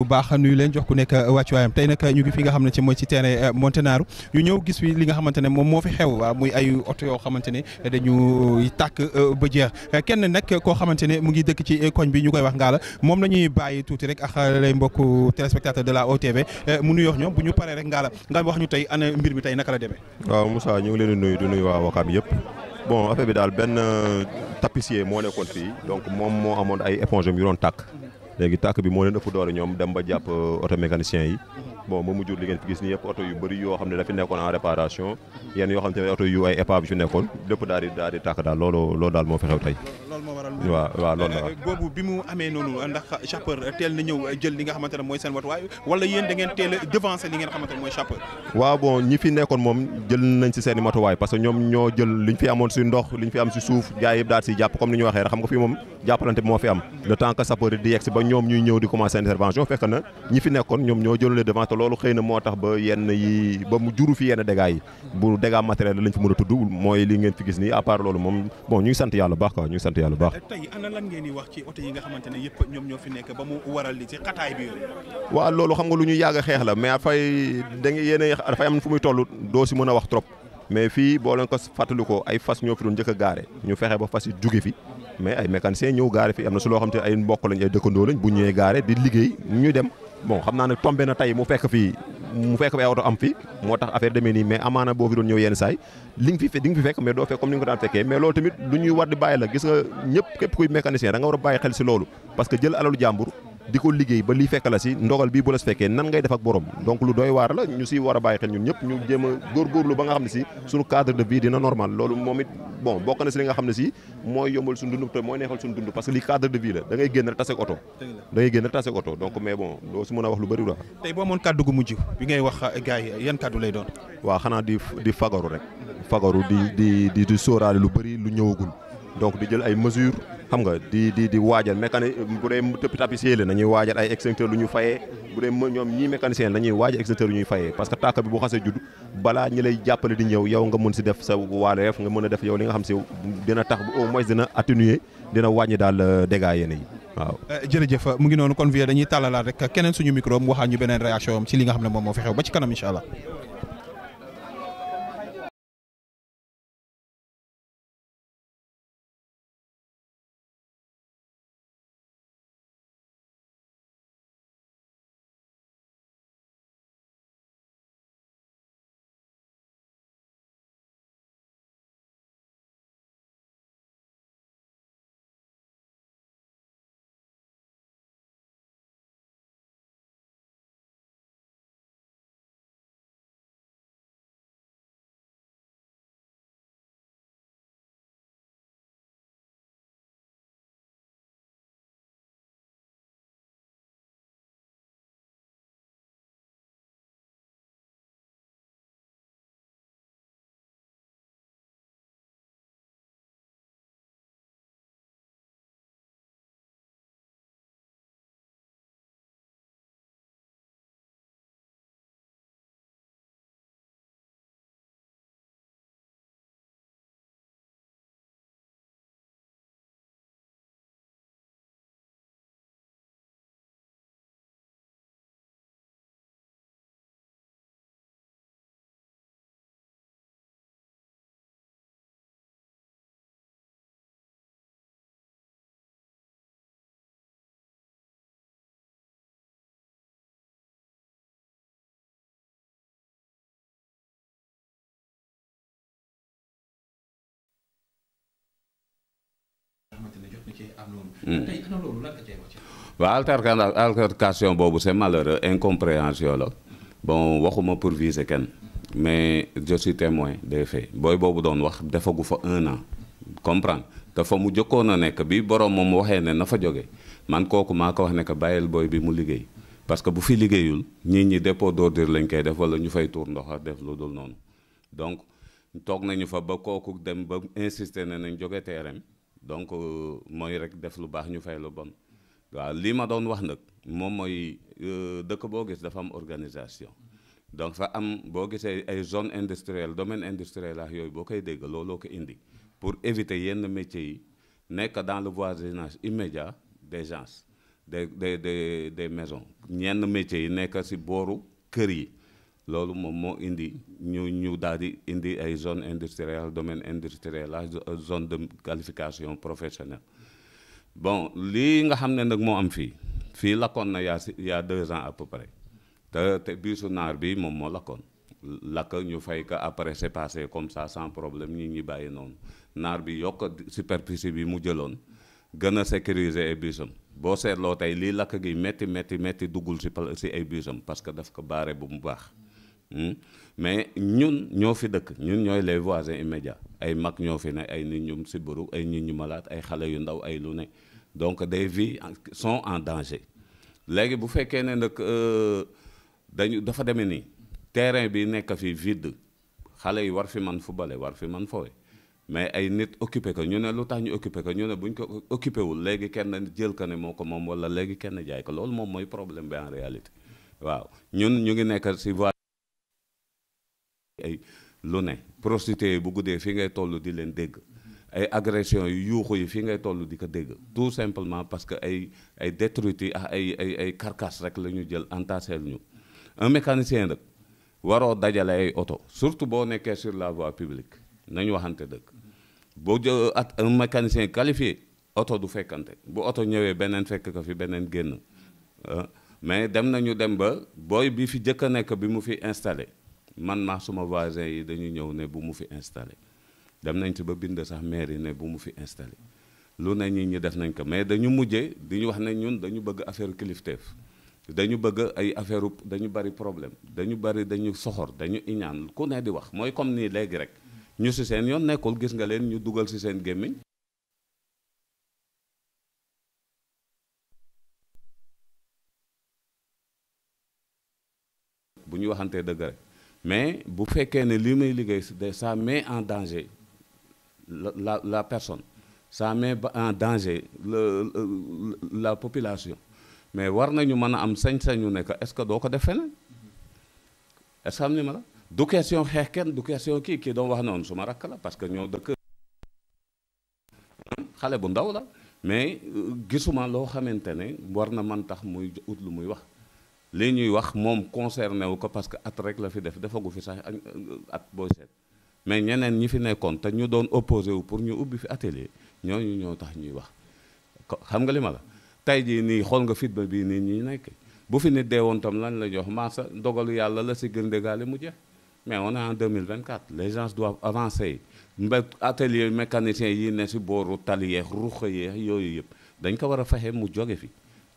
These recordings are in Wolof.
bu baax nuyu leen jox ku nekk uh, wàccuwaayam tey nag uh, ñu ngi fi nga xam ne ci mooy ci terrain uh, Monténaro ñu ñëw gis fi li nga xamante ne moom moo fi xew waa muy ay oto yoo xamante ne dañuy tàkk ba jeex kenn nag koo xamante ne mu ngi dëkk ci koñ bi ñu koy wax ngaala moom la ñuy bàyyi tuuti rek ak mbokk mbokku téléspectateur de la OTV mu nuyu wax ñoom bu ñu paree rek ngaa la nga wax ñu tey ana mbir mi tey naka la demee. waaw Moussa ñu ngi leen nuyu di nuyu waa Wakaam yëpp bon affaire daal benn euh, tapissier moo nekkoon fii donc moom moo amoon ay éponge yu doon tàkk léegi tàkk bi moo leen ëpp doole ñoom dem ba jàpp oto euh, mécanicien yi bon ba mu jur li ngeen fi gis ni yëpp oto yu bëri yoo xam ne dafa nekkoon en réparation yenn yoo xam ne oto yu ay épave yu nekkoon lépp daal di daal di tàkk daal loolu loolu daal moo fi tey loolu eh, bon ñi fi nekkoon moom jël nañ si seen i parce que ñoom ñoo jël liñ fi amoon si ndox liñ fi am si suuf jaay yëpp daal si jàpp comme ni ñu waxee rek xam nga fii moom jàppalante moo fi am le temps que di yegg si ba ñoom ñuy ñëw di commencer intervention fekk na ñi fi nekkoon ñoo jël les loolu xëy na moo tax ba yenn yi ba juru fi yenn dégâts yi bu dégâts matériel lañ fi mën a tudd mooy li ngeen fi gis nii à loolu moom bon yàlla bu baax. tey ana lan ngeen di wax ci oto yi nga xamante ne ñoom ñoo fi nekk ba mu waral li ci xataay bi yooyu. waaw loolu xam nga lu ñuy yàgg a xeex la mais dafay da nga yéen a dafay am fu muy a wax trop mais fii boo leen fas yi jóge fi mais ay mécanicien ñëw gaare fi am na su loo xam te ay mbokk lañ ay dëkkandoo lañ bu ñëwee gaare di liggéey ñu dem bon xam naa ne tombé na tey mu fekk fii mu fekk ay oto am fi moo tax affaire demee nii mais amaana boo fi doon ñëw yenn saay li nga fi fe di nga fi fekk mais doo fekk comme ni ko daan fekkee mais loolu tamit lu ñuy war di bàyyi la gis nga ñëpp képp kuy mécanicien da war a bàyyi xel si loolu parce que jël alalu jàmbur di ko liggéey ba li fekk la si ndogal bii bu la si fekkee nan ngay def ak borom donc lu doy waar la ñu si war a bàyyi xel ñun ñëpp ñu jéem a góorgóorlu ba nga xam ne si suñu cadre de vie dina normal loolu moom it bon bokk na si li nga xam ne si mooy yombal suñu dund te mooy neexal suñu dund parce que li cadre de vie la da ngay rek tase oto da ngay rek tase oto donc mais bon doo si mën a wax lu bëri la tey boo amoon kàddu gu mujj bi ngay wax euh, gars yi yan kàddu lay doon waaw xanaa di di fagaru rek fagaru di di di di sóoraale lu bëri lu ñëwagul donc di jël ay mesures xam nga di di di waajal mécanique bu dee tëpp tapissier la nañuy waajal ay extincteur lu ñu fayee bu dee ñoom ñii mécanicien dañuy waajal extincteur lu ñuy fayee parce que tàkk bi bu xasee judd balaa ñi lay jàppale di ñëw yow nga mën si def sa waaleef nga mën a def yow li nga xam si dina tax au moins dina atténuer dina wàññi daal euh, dégâts yéen yi waaw euh, jërëjëf mu ngi noonu kon vie dañuy tàllalaat rek keneen suñu micro mu waxaat ñu beneen réaction nga xam ne moom moo fi xew ba ci kanam waa ne jot na cee hmm. boobu se malheureux incompréhension la bon waxuma pour viser kenn mais je suis témoin des faits booy boobu doon wax defagu fa un an comprendre te fa mu jëkkoon a nekk bi borom moom mu waxee ne na fa jóge man kooku maa ko wax ne que bàyyil booy bi mu liggéey parce que bu fi liggéeyul ñii ñi dépôt d'ordure lañ koy def wala ñu fay tour ndox def lu dul noonu donc toog nañu fa ba kooku dem ba insister ne nañ jóge terrain donc euh, mooy rek def lu baax ñu fay lu bon waaw lii ma doon wax nag moom mooy euh, dëkk boo gis dafa am organisation donc fa am boo gisee ay zone industrielle domaine industriel ah yooyu boo koy dégg looloo ko indi pour éviter yenn métiers yi nekk dans le voisinage immédiat des gens des des des des maisons ñenn métiers yi nekk si booru kër yi loolu moom moo indi ñu ñu daal di indi ay zone industrielle domaine industriel la zone de qualification professionnelle bon lii nga xam ne nag moo am fii fii lakkoon na yaa si yaa deux ans à peu près te te biisu naar bi moom moo lakkoon lakk ñu fay ko après c'est passé comme ça sans problème ñi ñi bàyyi noonu naar bi yokk superficie bi mu jëloon gën a sécuriser ay biisam boo seetloo tey lii lakk gi métti métti métti duggul si si ay biisam parce que daf ko baare bu mu baax Hmm? mais ñun ñoo fi dëkk ñun ñooy les voisins immédiats ay mag ñoo fi ne ay nit ñu sibiru ay nit ñu malade ay xale yu ndaw ay lu ne donc des vies sont en danger léegi bu fekkee ne nag euh, dañu dafa demee nii terrain bi nekk fi vidde xale yi war fi man football war fi man foowe mais ay nit occupé ko ñu ne lu tax ñu occupé ko ñu ne bu ñu ko occupé wul léegi kenn jël ko ne moo ko moom walla léegi kenn jaay ko loolu moom mooy problème bi en réalité waaw ñun ñu ngi ay lu ne prostituées yi bu guddee fi ngay toll di leen dégg ay agression yu yuuxu yi fi ngay toll di ko dégg tout simplement parce que ay ay détruites yi ah ay ay ay rek la ñu jël entassel ñu en mécanicien nag waroo dajale ay oto surtout boo nekkee sur la voie publique nañu waxante dëkk boo jë at un mécanicien qualifié oto du fekkante bu oto ñëwee beneen fekk ko fi beneen génn ah, mais dem nañu dem ba booy bi fi jëkk a nekk bi mu fi installé man maa suma voisin yi dañu ñëw ne bu mu fi installé dem nañ ci ba bind sax maire yi ne bu mu fi installé lu ne ñi ñi def nañ ko mais dañu mujjee di ñu wax ne ñun dañu bëgg affaire kilifteef dañu bëgg ay affaire dañu bari problème dañu bari dañu soxor dañu iñaan ku ne di wax mooy comme nii léegi rek ñu si seen yoon nekkul gis nga leen ñu dugal si seen gémmiñ bu ñu waxantee dëgg rek mais bu fekkee ne li may liggéey de ça met en danger la la la personne ça met en danger le la population mais war nañu mën a am sañ-sañu ne que est-ce que doo ko def na est am ni ma la du question xeex kenn du question kii kii doon wax noonu su ma rakk la parce que ñoo dëkk xale bu ndaw la mais euh, gisuma loo xamante ne war na mën tax muy ut lu muy wax li ñuy wax moom concerné wu ko parce que at rek la fi def defagu fi sax euh, at booy seet mais ñeneen ñi fi nekkoon te ñu doon opposé wu pour ñu ubbi fi atelier ñooñu ñoo tax ñuy wax xam nga li ma la tey jii nii xool nga fit ba bii nii ñu nekk bu fi nit dee woon tam lañ la jox maasa ndogalu yàlla la si gën dégaale mu jeex mais on est en 2024 les gens doivent avancer mba atelier mécanicien yi ne si booru tali yeex ruqa yeex yooyu yëpp dañ ko war a fexe mu jóge fi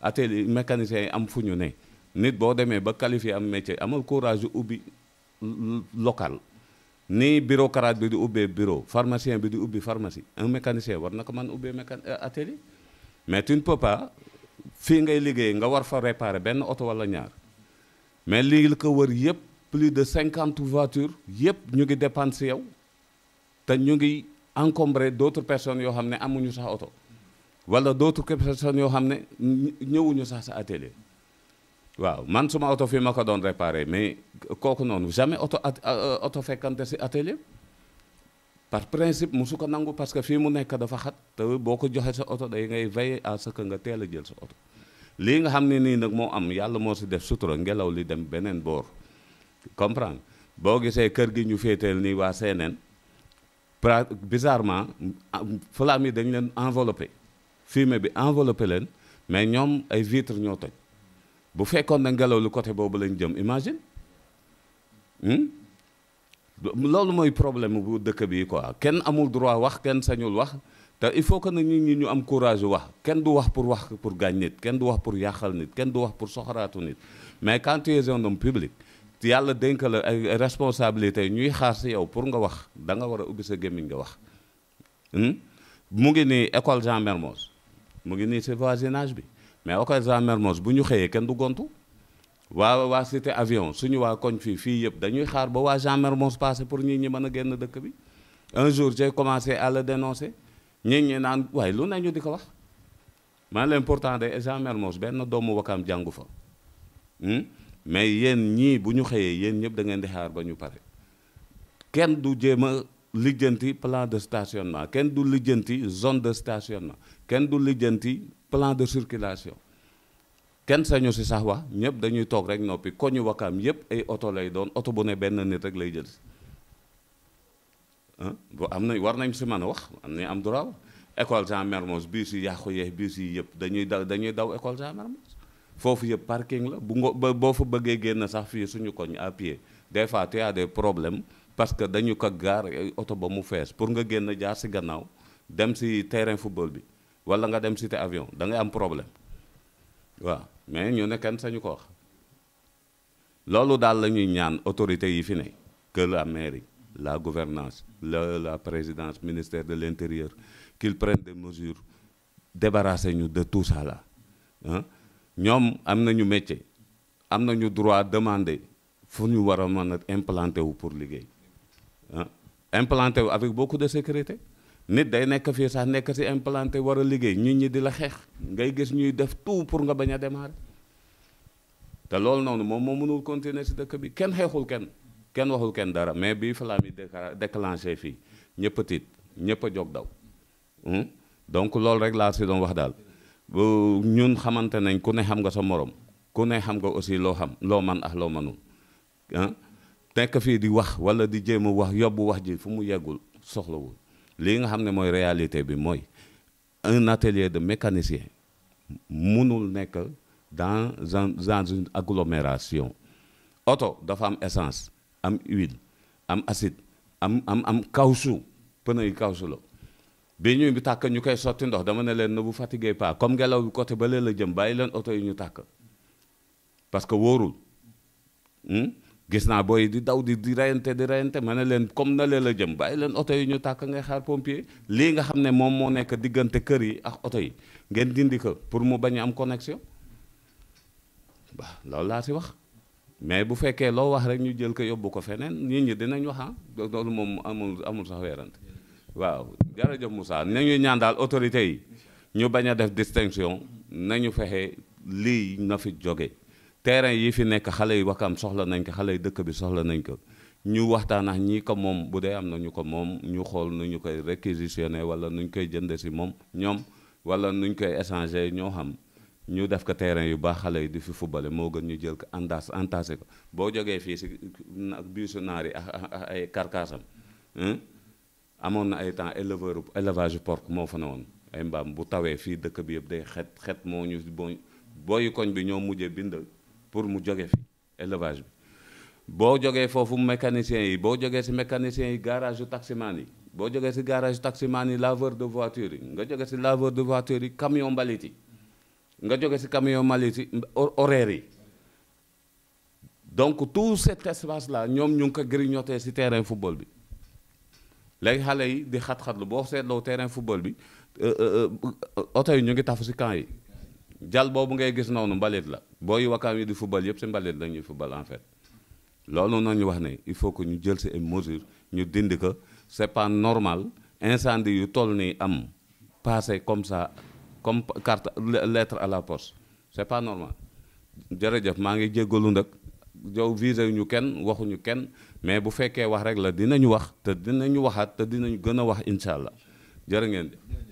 atelier mécanicien yi am fu ñu ne nit boo demee ba qualifié am métier amal courage yu ubbi local ni bureaucrate bi di ubbee bureau pharmacien bi di ubbi pharmacie un mécanicien war na ko man ubbee mécan euh, atelier mais tu ne pas fii ngay liggéey nga war fa réparer benn oto wala ñaar mais lii ko wër yëpp plus de cinquante voitures yëpp ñu ngi dépendre yow te ñu ngi encombré d' autres personnes yoo xam ne amuñu sax oto wala d' autres yoo xam ne ñëwuñu sax sa atelier waaw man suma oto fi ma ko doon réparé mais kooku noonu jamais oto oto fekkante si atelier par principe musu ko nangu parce que fii mu nekk dafa xat te boo ko joxe sa oto day ngay veiller à ce nga teel a jël sa oto lii nga xam ne nii nag moo am yàlla moo si def sutura ngelaw li dem beneen boor comprendre boo gisee kër gi ñu féeteel nii waa CNN pra bizarrement flamme yi dañ leen enveloppé fumier bi enveloppé leen mais ñoom ay vitre ñoo toj bu fekkoon na ngelaw lu côté boobu lañ jëm imagine hmm? loolu mooy problème bu dëkk bi quoi kenn amul droit wax kenn sañul wax te il faut que na nit ñi ñu am courage wax kenn du wax pour wax pour gaañ nit kenn du wax pour yàqal nit kenn du wax pour soxaraatu nit mais quand tu es un homme public yàlla dénk la ay responsabilité ñuy xaar si yow pour nga wax danga war a ubbi sa gémmiñ nga wax hmm? mu ngi nii école Jean Mermoz mu ngi nii si voisinage bi mais OCASA Mermoz bu ñu xëyee kenn du gontu waa waa cité avion suñu waa koñ fii fii yëpp dañuy xaar ba waa Jean Mermoz passé pour ñi ñi mën a génn dëkk bi un jour j'ai commencé à le dénoncer ñi ñi naan waaye lu nañu di ko wax maa leen pourtant de Jean Mermoz benn doomu Wakaam jàngu fa hmm? mais yéen ñii bu ñu xëyee yéen ñëpp da ngeen di xaar ba ñu pare kenn du jéem a lijjanti plan de stationnement kenn du lijjanti zone de station stationnement kenn du lijjanti plan de circulation kenn sañu si sax wax ñëpp dañuy toog rek noppi koñu wakaam yëpp ay oto lay doon oto bu ne benn nit rek lay jël si bu am na war nañ si mën a wax am nañ am droit école Jean Mermoz biis yi yàqu yeex biis yi yëpp dañuy daw dañuy daw école Jean Mermoz foofu yëpp parking la bu nga boo fa bëggee génn sax fii suñu koñ à pied des fois tu as des parce que dañu ko gaar oto ba mu fees pour nga génn jaar si gannaaw dem si terrain football bi wala nga dem cité avion da ngay am problème waaw mais ñu ne kenn sañu ko wax loolu daal la ñuy ñaan autorités yi fi ne kër la mairie la gouvernance la la présidence ministère de l'intérieur qu'ils prennent des mesures débarrasser ñu de tout ça là ah ñoom am na ñu métier am nañu droit demander fu ñu war a mën a wu pour liggéey ah implanter wu avec beaucoup de sécurité nit day nekk fii sax nekk si implanté war a liggéey ñu ñi di la xeex ngay gis ñuy def tout pour nga bañ a démarrer te loolu noonu moom moo mënul continuer si dëkk bi kenn xeexul kenn kenn waxul kenn dara mais bii flamme yi déclenché fii ñëpp a tiit ñëpp a jóg daw hmm? donc loolu rek laa si doon wax daal bu ñun xamante nañ ku ne xam nga sa morom ku ne xam nga aussi loo xam loo man ax loo manul ah nekk fii di wax wala di jéem a wax yóbbu wax ji fu mu yeggul soxlawul lii nga xam ne mooy réalité bi mooy un atelier de mécanicien munul nekk dans dans une agglomération oto dafa am essence am huile am acide am am am caoutchouc pneu yi caoutchouc la bi ñuy bi tàkk ñu koy sotti ndox dama ne leen na bu fatigué pas comme ngelaw bi côté ba la jëm bàyyi leen oto yi ñu tàkk parce que wóorul hmm? gis naa booy di daw di di rayante di rayante ma ne leen comme na leen a jëm bàyyi leen oto yi ñu tàkk ngay xaar pompier lii nga xam ne moom moo nekk diggante kër yi ak oto yi ngeen dindi ko pour mu bañ am connexion waaw loolu laa si wax mais bu fekkee loo wax rek ñu jël ko yóbbu ko feneen nit ñi dinañ wax ah loolu moom amul amul sax weerante waaw jërëjëf Moussa nañuy ñaan daal autorité yi ñu bañ a def distinction nañu fexe lii na fi joge terrain yi fi nekk xale yi Wakaam soxla nañ ko xale yi dëkk bi soxla nañ ko ñu waxtaan ax ñii ko moom bu dee am na ñu ko moom ñu xool nu ñu koy réquisitionné wala nuñ koy jënd si moom ñoom wala nu koy échanger ñoo xam ñu def ko terrain yu baax xale yi di fi fubale moo gën ñu jël ko antas antasé ko boo jogee fii si biisu naar yi ak ah, ah, ay karkaasam amoon na ay temps éleveur élevage porc moo fa ne woon ay mbaam bu tawee fii dëkk bi yëpp day xet xet moo ñu booy koñ bi ñoo mujjee bind pour mu jóge fi élevage bi boo jógee foofu mécaniciens yi boo jógee si mécaniciens yi garage yu taximaan yi boo jógee si garage yu taximaan yi laveur de voiture yi nga jógee si laveur de voiture yi camion mbalit yi nga jógee si camion mbalit yi horaire yi donc tout cet espace la ñoom ñu ngi ko grignoté si terrain football bi léegi xale yi di xat-xatlu boo seetloo terrain football bi euh, euh, euh, oto yi ñu ngi tafu si camp yi jal boobu ngay gis noonu mbalit la booy Wakaam yi di football yëpp si mbalit la ñuy football en fait loolu noonu ñu wax ne il faut que ñu jël si ay mesures ñu dindi ko c' est pas normal incendie yu toll nii am passé comme ça comme carte lettre à la poste c' est pas normal jërëjëf maa ngi jéggalu nag yow visé ñu kenn waxuñu kenn mais bu fekkee wax rek la dinañu wax te dinañu waxaat te dinañu gën a wax incha allah jërë ngeen